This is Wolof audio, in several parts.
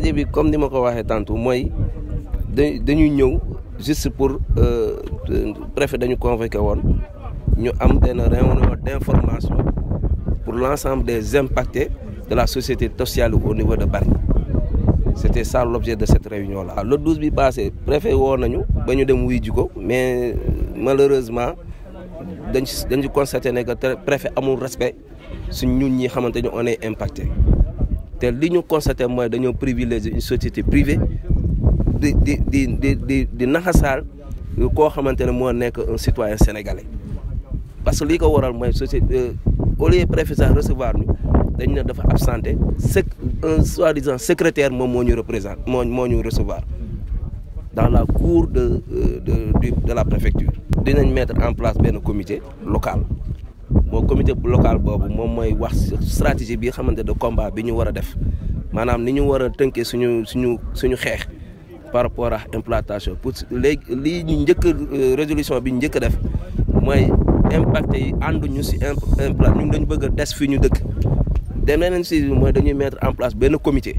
comme bi comme ni ma ko waxee tantôt moy dañuy ñëw juste pour euh, préfet dañu convoqué won ñu am une réunion d'information pour l'ensemble des impactés de la société sociale au niveau de Paris. c'était ça l'objet de cette réunion là le 12 bi passé préfet woo nañu bañu dem wuy jiko mais euh, malheureusement dañ dañu constaté que que préfet amul respect si ñun ñi xamanteni on est impacté te li ñu constaté mooy dañoo privilégier une société privée de di di di di di naxasaal koo xamante un citoyen sénégalais parce que li ko waral société euh, au lieu préfet sax recevoir ñu dañ ne dafa absenté sec un soi-disant secrétaire moom moo ñu représente moo ñu recevoir dans la cour de euh, de de la préfecture dinañ mettre en place benn comité local moo comité local boobu moom mooy wax stratégie bi xamante de combat bi ñu war a def maanaam ni ñu war a tënkee suñu suñu suñu xeex par rapport à implantation pour léegi lii ñu njëkk euh, résolution bi njëkk a def mooy impacté yi ànduñu si implant ñu dañu bëgg a des fii ñu dëkk dem leneen si mooy dañuy mettre en place benn comité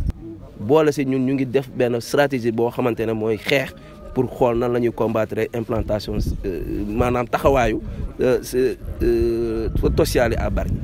boole si ñun ñu ngi def benn stratégie boo xamante ne mooy xeex pour xool nan la ñuy combattre implantation euh, maanaam taxawaayu uh, uh, Tociali à